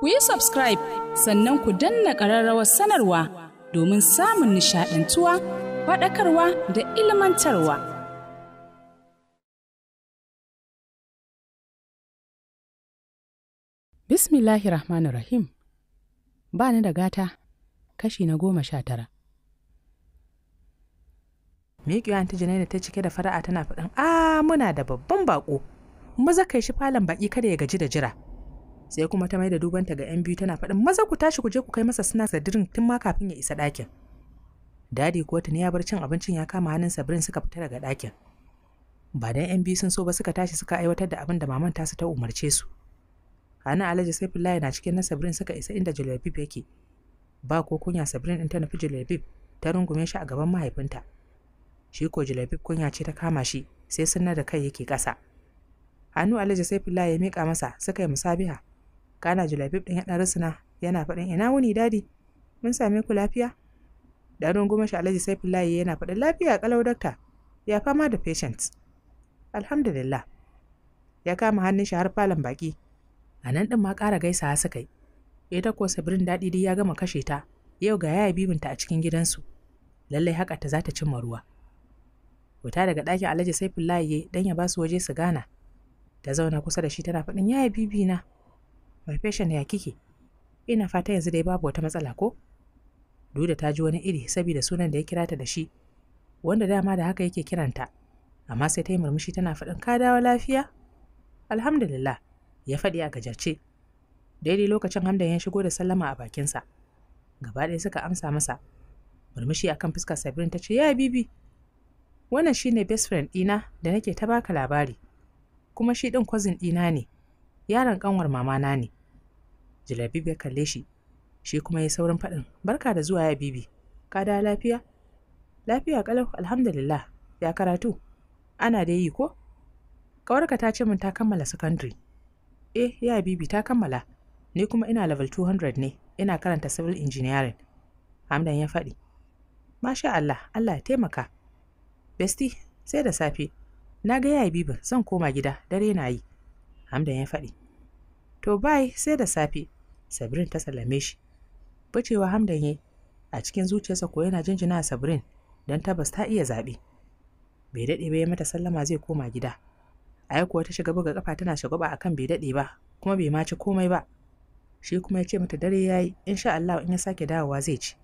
ku yi subscribe sannan ku danna ƙararrawar sanarwa domin samun nishaɗantuwa faɗakarwa da ilmantarwa. Bismillahi Rahmanu Rahim ba ni da gata kashi na goma sha tara. Miƙiwa ta Janaina ta cike da fara'a tana faɗin a ah, muna da babban baƙo, maza kai shi falon baƙi kada ya gaji da jira. sai kuma ta maida dubanta ga yan biyu tana faɗin maza ku tashi ku je ku kai masa suna sadirin tun ma kafin ya isa ɗakin dadi kuwa tuni ya bar cin abincin ya kama hannun sabrin suka fita daga ɗakin ba dan yan biyu sun so ba suka tashi suka aiwatar da abin da maman tasu ta umarce su hannun alhaji saifullahi na cikin na sabrin suka isa inda jalabib yake ba ko kunya sabrin ɗin ta nufi jalabib ta rungume shi a gaban mahaifinta shi ko jalabib kunya ce ta kama shi sai sunna da kai yake kasa. hannu sai saifullahi ya mika masa suka yi musabiha kana julafif ɗin ya ɗan yana faɗin ina wuni dadi mun same ku lafiya da goma shi alhaji saifullahi yana faɗin lafiya kalau dokta. ya fama da patient alhamdulillah ya kama hannun shi har falon baki a nan ɗin ma ƙara gaisawa suka yi ita ko birin daɗi dai ya gama kashe ta yau ga yaya bibinta a cikin gidansu lallai haka ta za ta cimma ruwa wuta daga ɗakin alhaji saifullahi dan ya ba su waje su gana ta zauna kusa da shi tana faɗin yaya bibina. na Farfeshan ya kike? Ina fata yanzu dai babu wata matsala ko? Duda ta ji wani iri saboda sunan da ya kira ta da shi, wanda dama da haka yake kiranta, amma sai ta yi murmushi tana faɗin ka dawo lafiya? Alhamdulillah, ya faɗi a gajarce. Daidai lokacin Hamdan ya shigo da sallama a bakinsa. Gaba ɗaya suka amsa masa. Murmushi akan fuskar sabirin ta ce, "Ya bibi, wannan shi ne best friend ɗina da nake ta baka labari, kuma shi ɗin kwazin ɗina ne." yaron ƙanwar mamana ne jilabib ya kalle shi shi kuma ya saurin faɗin barka da zuwa ya bibi ka da lafiya lafiya kalau alhamdulillah ya karatu ana da yi ko ƙawarka ta ce min ta kammala secondary eh ya bibi ta kammala ni kuma ina level 200 ne ina karanta civil engineering hamdan ya faɗi masha Allah Allah ya taimaka besti sai da safe na ga ya bibi zan koma gida dare na yi hamdan ya faɗi to bai sai da safe sabrin ta sallame shi bacewa hamdan yayi a cikin zuciyarsa ko yana jinjina sabrin don tabbas ta iya zaɓe bai daɗe ba ya mata sallama zai koma gida ai kuwa ta shiga buga kafa tana shagwaba kan bai daɗe ba kuma bai ma ci komai ba shi kuma ya ce mata dare yayi insha Allah in ya sake dawowa zai ci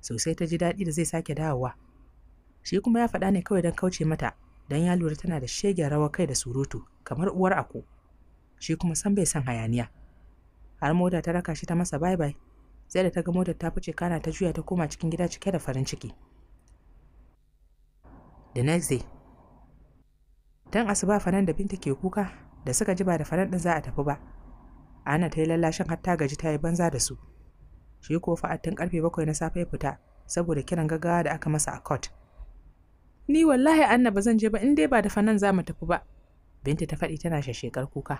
sosai ta ji daɗi da zai sake dawowa shi kuma ya faɗa ne kawai don kauce mata don ya lura tana da shegen rawar kai da surutu kamar uwar ako shi kuma san bai son hayaniya har mota ta raka shi ta masa bye bye sai da ta ga motar ta fice kana ta juya ta koma cikin gida cike da farin ciki the next day tun asuba fanan da binta ke kuka da suka ji ba da fanan din za a tafi ba ana ta yi lallashin har ta gaji ta yi banza da su shi ko fa'atin karfe bakwai na safe fita saboda kiran gaggawa da aka masa a court ni wallahi anna ba zan je ba in dai ba da fanan za mu tafi ba binta ta faɗi tana shashekar kuka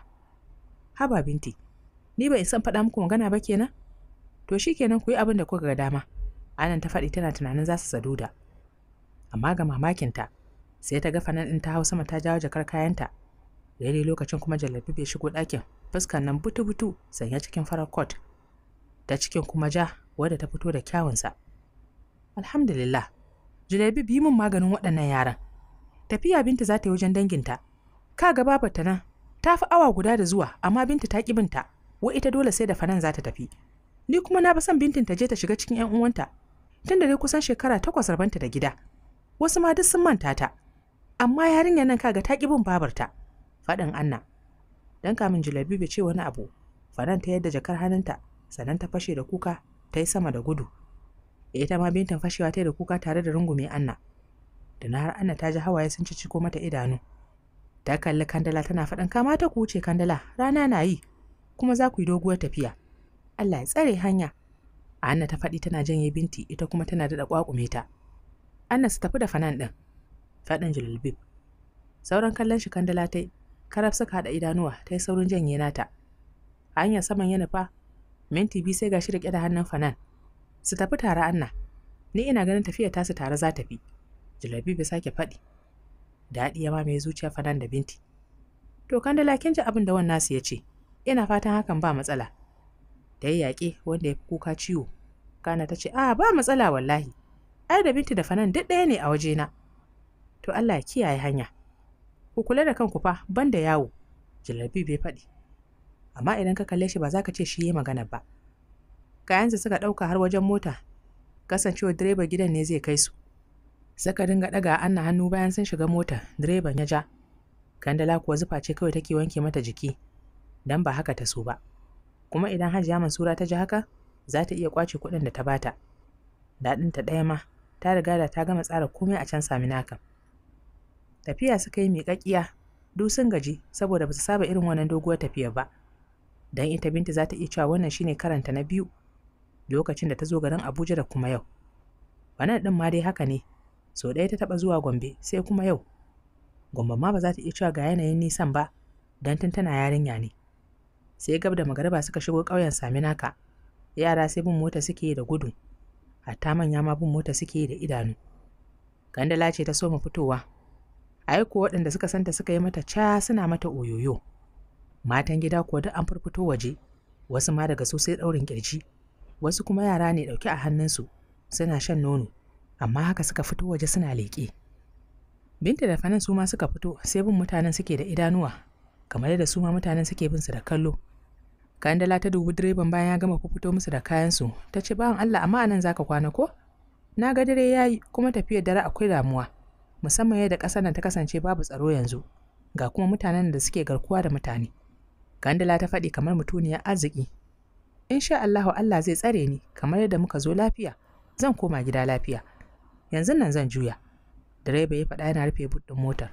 haba binti ni bai san faɗa muku magana ba kenan to shi kenan ku yi abin da kuka ga dama anan ta faɗi tana tunanin za su saduda amma ga mamakinta sai ta ga fanan ɗin ta hau sama ta jawo jakar kayanta daidai lokacin kuma jallabi bai shigo ɗakin fuskan nan butu-butu sanya cikin farar kot ta cikin kuma ja wadda ta fito da kyawunsa alhamdulillah jalabi bi min maganin waɗannan yaran tafiya binta za ta yi wajen danginta ka ga babarta nan ta fi awa guda da zuwa amma binta ta ƙi binta wa ita dole sai da fanan za ta tafi ni kuma na fi son bintin ta je ta shiga cikin 'yan uwanta tunda dai kusan shekara takwas rabanta da gida wasu ma duk sun manta ta amma yarinyar nan kaga ta ƙi bin babarta faɗin anna dan kamin jilabi bai ce wani abu fanan ta yadda jakar hannunta sannan ta fashe da kuka ta yi sama da gudu ita ma bintan fashewa ta yi da kuka tare da rungume anna da na har anna ta ji hawaye sun ci ciko mata idanu ta kalli kandala tana faɗin kamata ku wuce kandala rana na yi kuma za ku yi doguwar tafiya allah ya tsare hanya anna ta faɗi tana janye binti ita kuma tana daɗa ƙwaƙume ta anna su tafi da fanan ɗin faɗin julbib sauran kallon shi kandala ta karaf suka haɗa idanuwa ta yi saurin janye nata a hanyar saman yana fa minti biyu sai gashi riƙe da hannun fanan su tafi tare anna ni ina ganin tafiya tasu tare za ta fi julabi bai sake faɗi daɗi ya mamaye zuciya fadan da binti to kandala kin ji abin da wannan nasu ya ce ina fatan hakan ba matsala da ya yaƙe wanda ya fi kuka ciwo kana ta ce a ba matsala wallahi ai da binti da fanan duk ɗaya ne a waje na. to Allah ya kiyaye hanya ku kula da kanku fa ban da yawo jalabi bai faɗi amma idan ka kalle shi ba za ka ce shi yi magana ba kayansu suka ɗauka har wajen mota kasancewar direba gidan ne zai kai su Suka dinga ɗaga Anna hannu bayan sun shiga mota, direban ya ja. Kandala kuwa zufa ce kawai take wanke mata jiki, dan ba haka ta so ba. Kuma idan Hajiya Mansura ta ji haka, za ta iya kwace kuɗin da ta bata. Daɗinta ɗaya ma, ta riga da ta gama tsara komai a can sami naka. Tafiya suka yi miƙaƙiya, duk sun gaji saboda ba su saba irin wannan doguwar tafiyar ba. Dan ita Binta za ta iya cewa wannan shine karanta na biyu lokacin da ta zo garin Abuja da kuma yau. Bana ɗin ma dai haka ne, sau ɗaya ta taɓa zuwa gombe sai kuma yau gombe ma ba za ta iya cewa ga yanayin nisan ba don tun tana yarinya ne sai gab da magariba suka shigo ƙauyen sami naka. yara sai bin mota suke da gudu hatta manya ma bin mota suke da idanu gandala ce ta soma fitowa aiko waɗanda suka santa suka yi mata ca suna mata oyoyo matan gida kuwa duk an furfuto waje wasu ma daga su sai ɗaurin ƙirji, wasu kuma yara ne ɗauke a hannunsu suna shan nono amma haka suka fito waje suna leƙe binta da fanin su ma suka fito sai bin mutanen suke da idanuwa kamar yadda su ma mutanen suke bin su da kallo kandala ta dubi direban bayan ya gama fito musu da kayansu ta ce bawan allah amma anan zaka kwana ko na ga dare yayi kuma tafiyar dare akwai damuwa musamman yadda ƙasar nan ta kasance babu tsaro yanzu ga kuma mutanen da suke garkuwa da mutane kandala ta faɗi kamar mutuniyar arziki insha allahu allah zai tsare ni kamar yadda muka zo lafiya zan koma gida lafiya yanzu nan zan juya direba ya faɗa yana rufe buɗin motar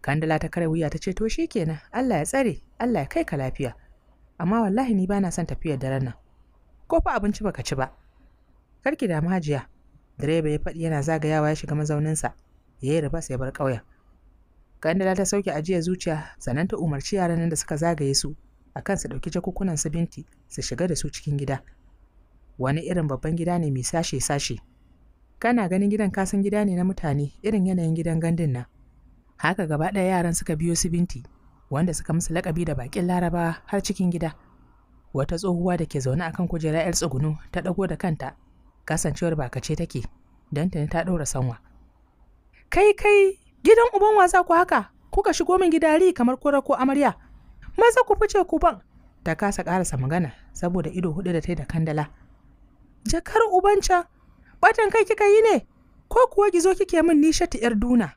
kandala ta kare wuya ta ce to shi kenan allah ya tsare allah ya kai ka lafiya amma wallahi ni bana son tafiyar daren nan ko fa abinci baka ci ba Kar ki da hajiya direba ya faɗi yana zagayawa ya shiga mazauninsa ya yi rabas ya bar ƙauyen kandala ta sauke ajiyar zuciya sannan ta umarci yaran nan da suka zagaye su akan su ɗauki jakunkunan su binti su shiga da su cikin gida wani irin babban gida ne mai sashe-sashe kana ganin gidan kasan gida ne na mutane irin yanayin gidan gandun nan haka gaba ɗaya yaran suka biyo su binti wanda suka musu lakabi da bakin laraba har cikin gida wata tsohuwa da ke zaune akan kujera yar tsugunu ta ɗago da kanta kasancewar bakace take don ta ta ɗaura sanwa kai kai gidan uban wasa ku haka kuka shigo min gida ri kamar kura ko amarya maza ku fice ku ban ta kasa ƙarasa magana saboda ido hudu da ta da kandala jakar uban can batan kai kika yi ne ko kuwa gizo kike min ni shati yar duna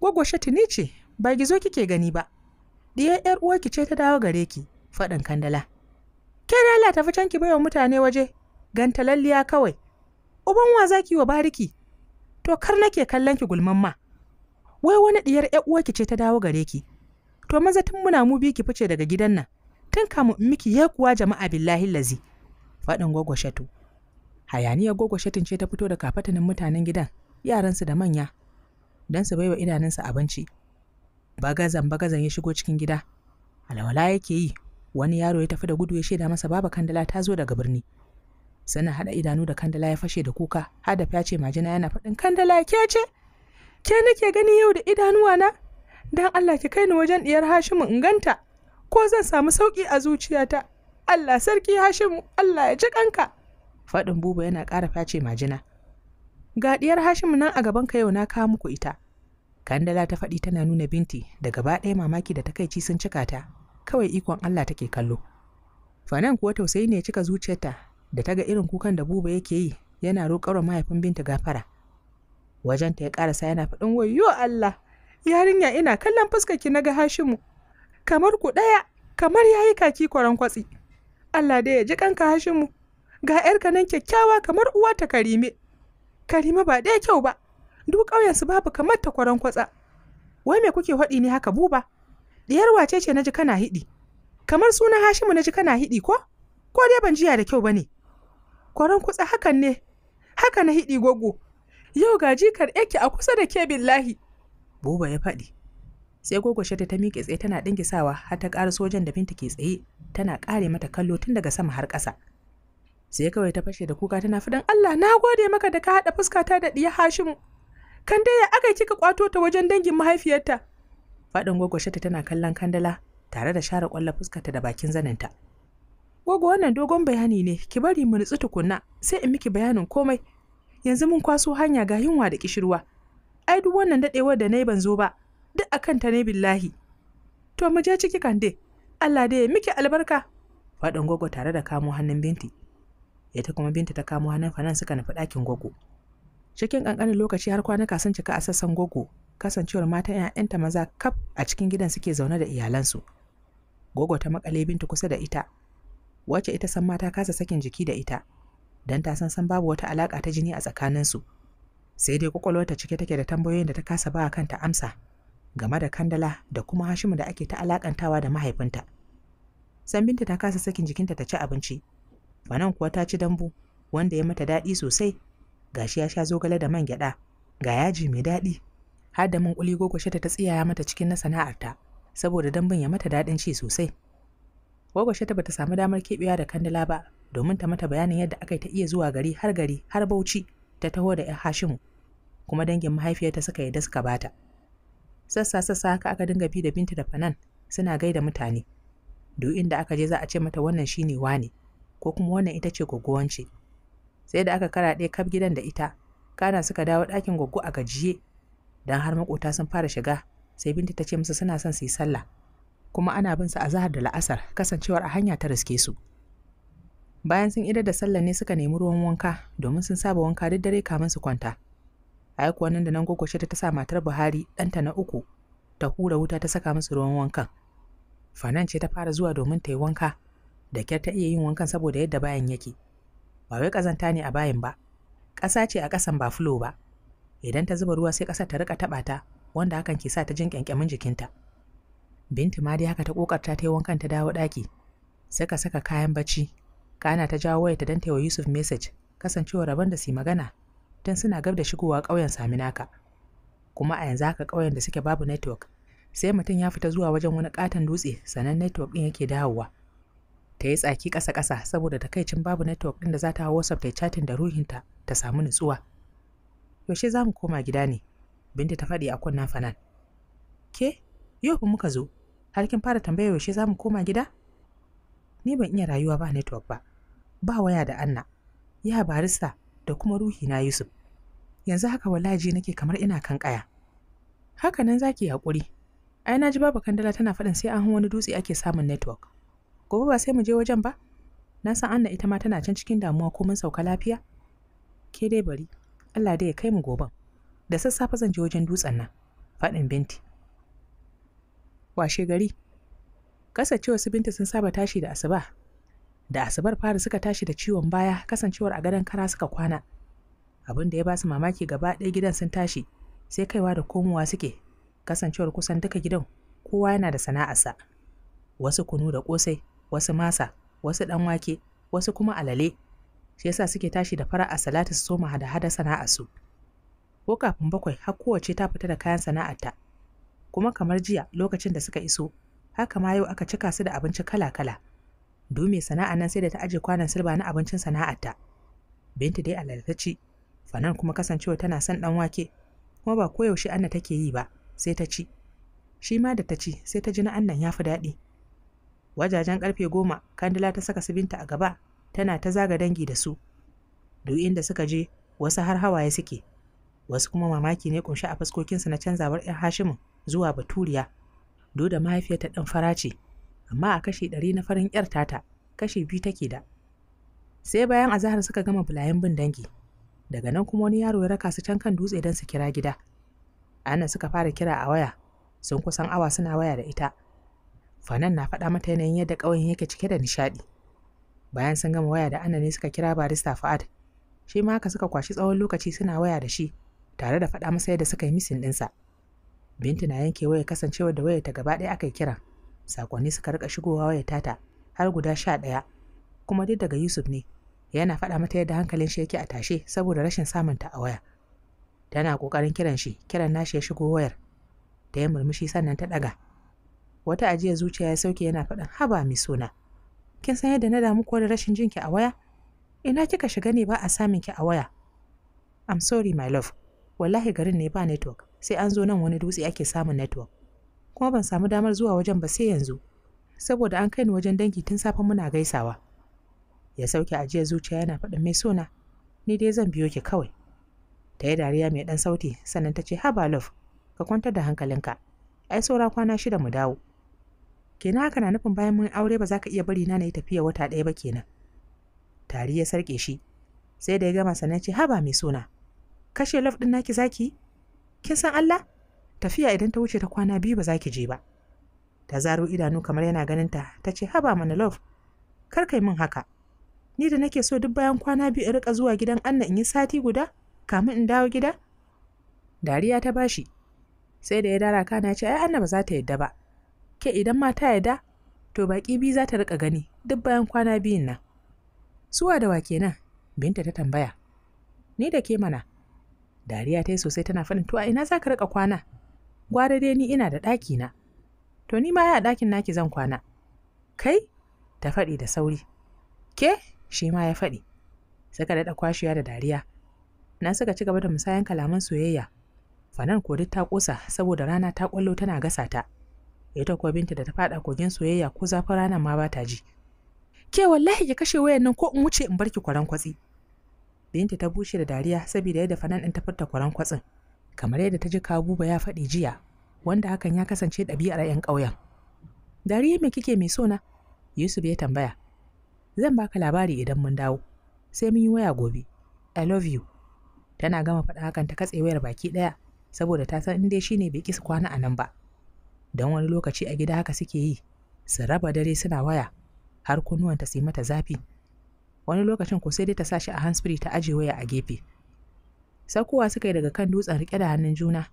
gwagwa shati ni ce ba gizo kike gani ba diyar yar uwarki ce ta dawo gare ki faɗin kandala ke da Allah tafi can ki baiwa mutane waje talalliya kawai uban wa zaki wa bariki to kar nake kallon ki gulman ma wai wani diyar yar uwarki ce ta dawo gare ki to maza tun muna mu bi ki fice daga gidan nan tun kamun miki ya kuwa jama'a billahi lazi faɗin gwagwa shatu hayaniyar gogo shatin ce ta fito da kafatanin mutanen gidan yaransu da manya don su baiwa idanunsa abinci bagazan bagazan ya shigo cikin gida alwala yake yi wani yaro ya tafi da gudu ya shaida masa baba kandala ta zo daga birni sana hada idanu da kandala ya fashe da kuka hadaf ya ce majina yana faɗin kandala ke ce ke nake gani yau da idanuwa na dan Allah ki kai ni wajen diyar Hashimu in ganta ko zan samu sauki a zuciyata Allah sarki Hashimu Allah ya ji kanka faɗin buba yana ƙara face majina ga ɗiyar hashimu nan a gaban ka yau na kawo muku ita kandala ta faɗi tana nuna binti da gaba ɗaya mamaki da takaici sun cika ta kawai ikon allah take kallo fanan kuwa tausayi ne cika zuciyarta da ta ga irin kukan da buba yake yi yana roƙar mahaifin binta gafara Wajen ta ya ƙarasa yana faɗin wayo allah yarinya ina kallon fuskarki na ga hashimu kamar ku ɗaya kamar ya yi kaki kwarankwatsi, kwatsi allah dai ya ji kanka hashimu ga ‘yarka nan kyakkyawa kamar uwa ta karime karime ba ɗaya kyau ba duk ƙauyensu babu kamar ta kwaran kwatsa wai me kuke haɗi ne haka buba diyar wace ce na naji kana hiɗi kamar suna hashimu naji kana hiɗi ko ko dai ban jiya da kyau ba ne kwaran kwatsa hakan ne haka na hiɗi goggo yau ga jikar yake a kusa da ke billahi buba ya faɗi sai Shata ta miƙe tsaye tana sawa, har ta ƙara sojan da binta ke tsaye tana ƙare mata kallo tun daga sama har ƙasa. sai kawai ta fashe da kuka tana faɗin Allah na gode maka da ka haɗa fuskata da ɗiya Hashimu Kandaya aka kika kwato ta wajen dangin mahaifiyarta faɗin Shata tana kallon kandala tare da share ƙwallo fuskarta da bakin zaninta gwagwa wannan dogon bayani ne ki bari mu nutsu tukunna sai in miki bayanin komai yanzu mun kwaso hanya ga yunwa da kishirwa ai duk wannan daɗewar da nayi ban zo ba duk akan ta ne billahi to mu je ciki kande Allah da ya miki albarka faɗin gwagwa tare da kamo hannun binti ita kuma binta ta kamo hannun fanan suka nufi ɗakin gogo cikin ƙanƙanin lokaci har ka sun cika a sassan gogo kasancewar matan 'ya'yanta maza kaf a cikin gidan suke zaune da iyalansu gogo ta maƙale binta kusa da ita wacce ita san mata kasa sakin jiki da ita Dan ta san san babu wata alaƙa ta jini a tsakaninsu sai dai ta cike take da tambayoyin da ta kasa ba kanta amsa game da kandala da kuma hashimu da ake ta alaƙantawa da mahaifinta. San binta ta kasa sakin jikinta ta ci abinci, Fanan kuwa ta ci dambu wanda ya mata daɗi sosai gashi ya sha zogale da man gyaɗa ga yaji mai daɗi har da man gogoshe ta tsiyaya mata cikin na sana'arta saboda dambun ya mata daɗin ci sosai. Gogoshe ta bata samu damar keɓewa da kandala ba domin ta mata bayanin yadda aka ta iya zuwa gari har gari har Bauchi ta taho da ‘yan Hashimu kuma dangin mahaifiyarta suka yi suka bata. Sassa sassa haka aka dinga bi da Binta da Fanan suna gaida mutane. Duk inda aka je za a ce mata wannan shine wane. ko kuma wannan ita ce ce sai da aka ɗaya kaf gidan da ita kana suka dawo ɗakin gwaggo a gajiye dan har makota sun fara shiga sai binta ta ce musu suna son su yi sallah kuma ana bin su a zahar da la'asar kasancewar a hanya ta riske su bayan sun idar da sallah ne suka nemi ruwan wanka domin sun saba wanka duk dare kamin su kwanta a kuwa nan da nan gogoshe ta sa matar buhari ɗanta na uku ta hura wuta ta saka musu ruwan wankan fanan ce ta fara zuwa domin ta yi wanka da kyar ta iya yin wankan saboda yadda bayan yake ba wai kazanta ne a bayan ba ƙasa ce a ƙasan ba fulo ba idan ta zuba ruwa sai ƙasar ta rika taɓa ta wanda hakan ke sa ta jin ƙyanƙyamin jikinta binti ma dai haka ta ƙoƙarta ta yi wankan ta dawo ɗaki saka saka kayan bacci kana ta jawo wayarta don ta wa yusuf message kasancewar rabon da su magana Tun suna gab da shigowa ƙauyen saminaka kuma a yanzu haka ƙauyen da suke babu network sai mutum ya fita zuwa wajen wani ƙaton dutse sannan network ɗin yake dawowa ta yi tsaki ƙasa-ƙasa saboda takaicin babu network ɗin da za ta hau WhatsApp ta yi chatting da ruhinta ta samu nutsuwa. Yaushe za mu koma gida ne? Binta ta faɗi a kunna Fanan. Ke, yau fa muka zo, har kin fara tambaya yaushe za mu koma gida? Ni ban iya rayuwa ba network ba, ba waya da Anna, ya barista da kuma ruhi na Yusuf. Yanzu haka wallahi nake kamar ina kan ƙaya. Haka nan zaki haƙuri. Ai na ji babu kandala tana faɗin sai an wani dutse ake samun network. gobe ba sai mu je wajen ba na san anna ita ma tana can cikin damuwa ko mun sauka lafiya ke dai bari allah dai ya kai mu goben da sassafe zan je wajen dutsen nan faɗin binti washe gari cewa su binta sun saba tashi da asuba da asubar fara suka tashi da ciwon baya kasancewar a gadon kara suka kwana abin da ya ba su mamaki gaba ɗaya gidan sun tashi sai kaiwa da komowa suke kasancewar kusan duka gidan kowa yana da sana'arsa wasu kunu da kosai wasu masa, wasu ɗanwake, wasu kuma alale. Shi yasa suke tashi da fara a Salatu su soma hada-hada sana'a su. Ko kafin bakwai har kowace ta fita da kayan sana'arta. Kuma kamar jiya lokacin da suka iso, haka ma yau aka cika su da abinci kala-kala. Dume sana'a nan sai da ta aje kwanan silba na abincin sana'arta. Binta dai alalta ci, fanan kuma kasancewa tana son ɗan wake, kuma ba koyaushe Anna take yi ba, sai ta ci. Shi ma da ta ci sai ta ji na Annan ya fi daɗi. wajajen karfe goma kandila ta saka su binta a gaba tana ta zaga dangi da su duk inda suka je wasu har hawaye suke wasu kuma mamaki ne kunshi a fuskokinsu na canzawar 'yan hashimin zuwa baturiya duk da ɗin ɗan fara ce amma a kashi ɗari na farin 'yar tata kashi biyu take da sai bayan azahar suka gama bulayen bin dangi daga nan kuma wani yaro ya raka su can kan dutse don su kira gida Ana suka fara kira a waya sun kusan awa suna waya da ita fanan na faɗa mata yanayin yadda ƙauyen yake cike da nishaɗi bayan sun gama waya da ana ne suka kira barista fa'ad shi ma haka suka kwashi tsawon lokaci suna waya da shi tare da faɗa masa yadda suka yi misin ɗinsa binta na yanke waya kasancewa da waya ta gaba ɗaya aka yi kiran sakonni suka rika shigowa waya tata har guda sha ɗaya kuma duk daga yusuf ne yana faɗa mata yadda hankalin shi yake a tashe saboda rashin samun ta a waya tana ƙoƙarin kiran shi kiran nashi ya shigo wayar Ta yi murmushi sannan ta ɗaga wata ajiya zuciya ya sauke yana faɗin haba mai suna kin san yadda na damu ko da rashin jinki a waya ina kika shiga ne ba a samun ki a waya i'm sorry my love wallahi garin ne ba network sai an zo nan wani dutse ake samun network kuma ban samu damar zuwa wajen ba sai yanzu saboda an kai ni wajen dangi tun safe muna gaisawa ya sauke ajiya zuciya yana faɗin mai suna ni dai zan biyo ki kawai ta yi dariya mai ɗan sauti sannan ta ce haba love ka kwantar da hankalinka ai saura kwana shida mu dawo kenan haka na nufin bayan mun aure ba za ka iya bari na na yi tafiya wata ɗaya ba kenan tari ya sarƙe shi sai da ya gama sannan ce haba mai suna kashe laf ɗin naki zaki kin san Allah tafiya idan ta wuce ta kwana biyu ba za ki je ba ta zaro idanu kamar yana ganinta ta ce haba mana love kar kai min haka ni da nake so duk bayan kwana biyu in rika zuwa gidan Anna in yi sati guda kamin in dawo gida dariya ta bashi sai da ya dara kana ce ai Anna ba za ta yadda ba ke idan mata yarda to baƙi biyu za ta riƙa gani duk bayan kwana biyun nan suwa da wa kenan binta ta tambaya ni da ke mana dariya ta yi sosai tana faɗin to a ina za ka riƙa kwana gwara dai ni ina da ɗaki na to ni ma ya ɗakin naki zan kwana kai ta faɗi da sauri ke shi ma ya faɗi suka daɗa kwashiya da dariya na suka ci gaba da musayan kalaman soyayya fanan ko duk ta ƙosa saboda rana ta ƙwallo tana gasa ta ita kuwa binta da ta faɗa kogin soyayya ko zafin ranar ma ba ta ji ke wallahi ki kashe wayan nan ko in wuce in barki kwaran kwatsi binta ta bushe da dariya saboda yadda fanan ɗin ta furta kwaran kwatsin kamar yadda ta ji kabuba ya faɗi jiya wanda hakan ya kasance ɗabi'ar 'yan ƙauyen dariya me kike mai sona yusuf ya tambaya zan baka labari idan mun dawo sai mun yi waya gobe i love you tana gama faɗa hakan ta katse wayar baki ɗaya saboda ta san in dai shine bai kisa kwana a nan ba don wani lokaci a gida haka suke yi su raba dare suna waya har kunnuwanta su yi mata zafi wani lokacin ko sai dai ta sa shi a handsfree ta aje waya a gefe Sakowa suka yi daga kan dutsen rike da hannun juna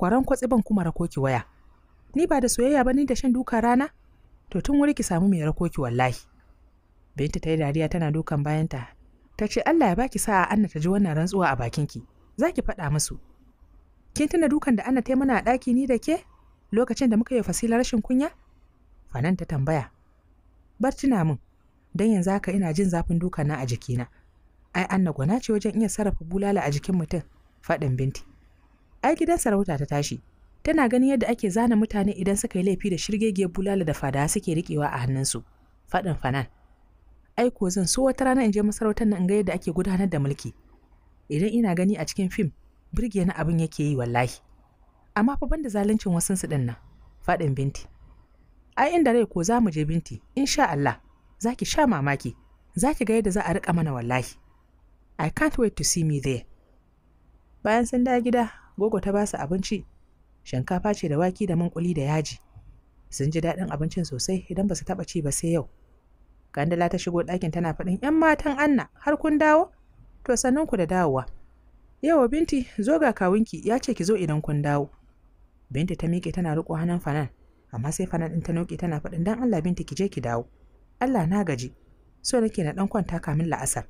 kwaran ban kuma rakoki waya ni ba da soyayya ba ni da shan duka rana to tun wuri ki samu mai rakoki wallahi binta ta yi dariya tana dukan bayanta ta ce Allah ya baki sa'a Anna ta ji wannan rantsuwa a bakinki za ki faɗa musu kin tuna dukan da Anna ta yi mana a ɗaki ni da ke lokacin da muka yi fasila rashin kunya fanan ta tambaya bar tuna min don yanzu haka ina jin zafin duka na a jikina ai na gwana ce wajen iya sarrafa bulala a jikin mutum faɗin binti ai gidan sarauta ta tashi tana ganin yadda ake zana mutane idan suka yi laifi da shirgege bulala da fada suke riƙewa a hannunsu faɗin fanan ai ko zan so wata rana in je masarautar nan in ga yadda ake gudanar da mulki idan ina gani a cikin fim birge na abin yake yi wallahi amma fa banda zaluncin wasan su din nan faɗin binti ai inda rai ko zamu je binti insha Allah zaki sha mamaki zaki ga yadda za a riƙa mana wallahi I can't wait to see me there bayan sun da gida gogo ta basu abinci shinkafa ce da waki da mankuli da yaji sun ji daɗin abincin sosai idan ba su taɓa ci ba sai yau kandala ta shigo ɗakin tana faɗin 'yan matan anna har kun dawo to sannan ku da dawowa yawa binti zo ga kawunki ya ce ki zo idan kun dawo Binta ta miƙe tana riƙo hannun Fanan, amma sai Fanan ɗin ta noƙe tana faɗin dan Allah Binta ki je ki dawo. Allah na gaji, so nake na ɗan kwanta kamin la'asar.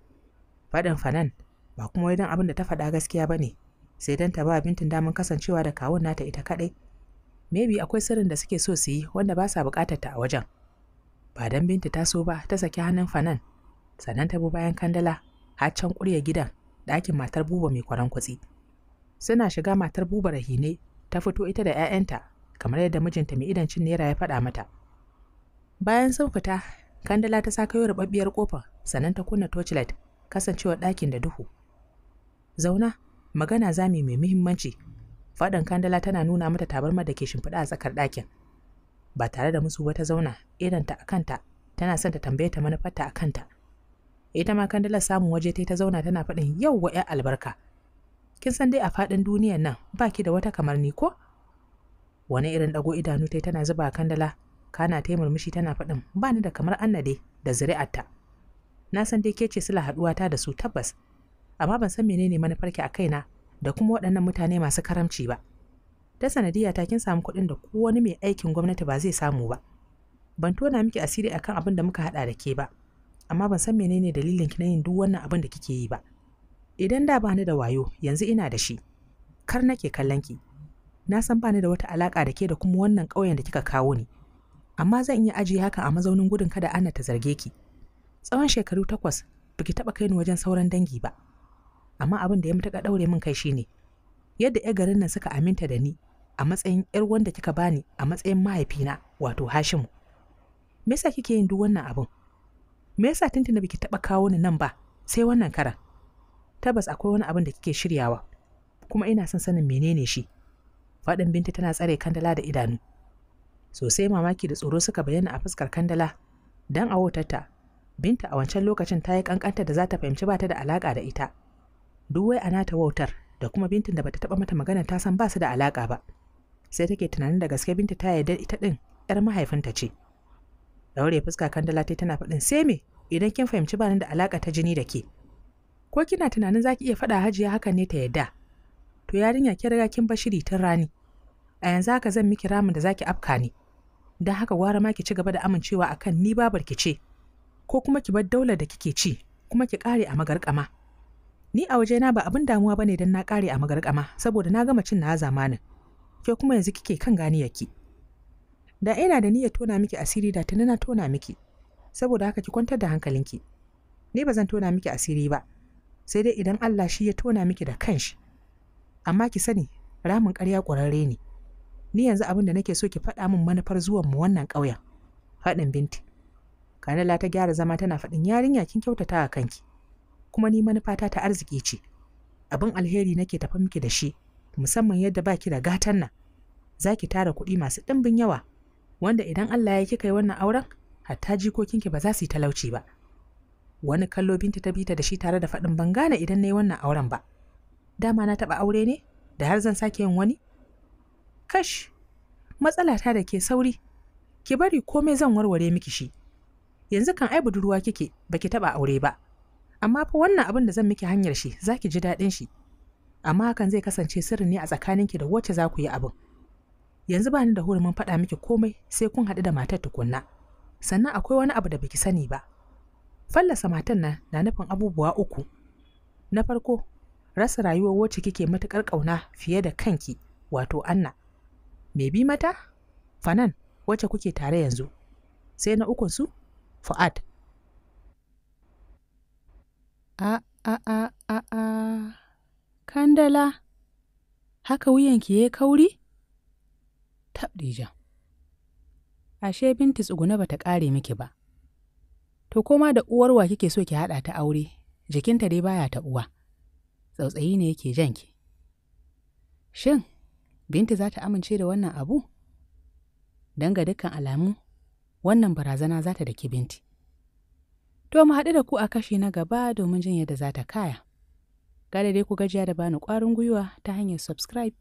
Faɗin Fanan ba kuma wai dan abin da ta faɗa gaskiya ba ne, sai dan ta ba Bintin damar kasancewa da kawun nata ita kaɗai. Maybe akwai sirrin da suke so su yi wanda ba sa buƙatar ta a wajen. Ba dan Binta ta so ba ta saki hannun Fanan, sannan ta bi bayan kandala har can ƙurya gidan ɗakin matar buba mai kwaran kwatsi. Suna shiga matar buba rahine ta fito ita da 'ya'yanta kamar yadda mijinta mai idancin naira ya faɗa mata bayan sun fita kandala ta sakayo rubabbiyar kofar sannan ta kunna torchlight kasancewa ɗakin da duhu zauna magana zami mai muhimmanci faɗin kandala tana nuna mata tabarmar da ke shimfiɗa a tsakar ɗakin ba tare da musu wata zauna idanta a kanta tana son ta tambaye ta manufarta a kanta ita ma Kandala samun waje ta zauna tana faɗin yau wa 'yan albarka kin san dai a faɗin duniyan nan ba ki da wata kamar ni ko wani irin ɗago idanu tai tana zuba kandala kana ta murmushi tana faɗin ba ni da kamar anna dai da zuri'arta na san dai ke ce sila haɗuwata da su tabbas amma ban san menene manufarki a kaina da kuma waɗannan mutane masu karamci ba ta sanadiyya ta kin samu kuɗin da ko wani mai aikin gwamnati ba zai samu ba ban tona miki asiri akan abin da muka haɗa da ke ba amma ban san menene dalilin ki na yin duk wannan abin da kike yi ba idan da bani da wayo yanzu ina da shi kar nake kallon ki na san bani da wata alaka da ke da kuma wannan ƙauyen da kika kawo ni amma zan iya ajiye haka a mazaunin gudun kada ana ta zarge ki tsawon shekaru takwas biki taɓa kai ni wajen sauran dangi ba amma abin da ya mutaka ɗaure min kai shine yadda 'yan garin nan suka aminta da ni a matsayin 'yar wanda kika bani a matsayin mahaifina wato Hashimu. Me yasa kike yin duk wannan abin? Me yasa tuntuna biki taɓa kawo ni nan ba sai wannan karan? tabbas akwai wani abin da kike shiryawa kuma ina son sanin menene shi faɗin binta tana tsare kandala da idanu sosai mamaki da tsoro suka bayyana a fuskar kandala dan a wotarta binta a wancan lokacin ta yi kankanta da za ta fahimci ba ta da alaƙa da ita duk wai ana ta wautar da kuma bintin da bata taɓa mata magana ta san ba su da alaƙa ba sai take tunanin da gaske binta ta yarda ita ɗin ‘yar mahaifinta ce daure fuska kandala ta tana faɗin sai me idan kin fahimci ba da alaƙa ta jini da ke ko kina tunanin za ki iya faɗa hajiya haka ne ta yadda to yarinya ki riga kin shiri tun rani a yanzu haka zan miki ramin da zaki afka ni don haka gwara ma ki ci gaba da amincewa akan ni babar ki ce ko kuma ki bar daular da kike ci kuma ki kare a magarkama ni a waje na ba abin damuwa bane don na kare a magarƙama saboda na gama cin na zamanin ke kuma yanzu kike kan ganiyarki da ina da niyyar tona miki asiri da tunana na tona miki saboda haka ki kwantar da hankalinki ni ba zan tona miki asiri ba sai dai idan Allah shi ya tona miki da kanshi amma ki sani ramin ƙarya ƙwararre ne ni yanzu abin da nake so ki faɗa min manufar zuwan mu wannan ƙauyen faɗin binti kanala ta gyara zama tana faɗin yarinya kin kyautata a kanki kuma ni manufata ta arziki ce abin alheri nake tafa miki da shi musamman yadda ba ki da gatan nan za ki tara kuɗi masu ɗimbin yawa wanda idan Allah ya kika yi wannan auren hatta jikokinki ba za su yi talauci ba. wani kallo binta ta bita da shi tare da faɗin ban gane idan na yi wannan auren ba dama na taɓa aure ne da har zan sake yin wani kash matsala ta da ke sauri ki bari komai zan warware miki shi yanzu kan ai budurwa kike baki taɓa aure ba amma fa wannan abin da zan miki hanyar shi za ki ji daɗin shi amma hakan zai kasance sirri ne a tsakaninki da wacce za ku yi abin yanzu ba ni da hurumin faɗa miki komai sai kun haɗu da matar tukunna sannan akwai wani abu da baki sani ba Fallasa matan nan na nufin abubuwa uku. Na farko, rasa rayuwar wacce kike matuƙar ƙauna fiye da kanki, wato Anna. Me bi mata? Fanan, wacce kuke tare yanzu. Sai na ukun su, Fu'ad. A, a, a, a, a, Kandala, haka wuyanki ya kauri? Tabdija. Ashe Binti tsuguna bata ƙare miki ba. To koma da uwar wa kike so ki haɗa ta aure, jikinta dai baya ta uwa, Tsautsayi ne yake janki. Shin, Binta za ta amince da wannan abu? Don ga dukkan alamu, wannan barazana za ta daki Binti. To mu haɗu da ku a kashi na gaba domin jin yadda za ta kaya. Gada dai ku gajiya da bani ƙwarin gwiwa ta hanyar subscribe,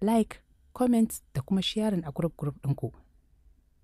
like, comment da kuma sharing a group group ɗinku.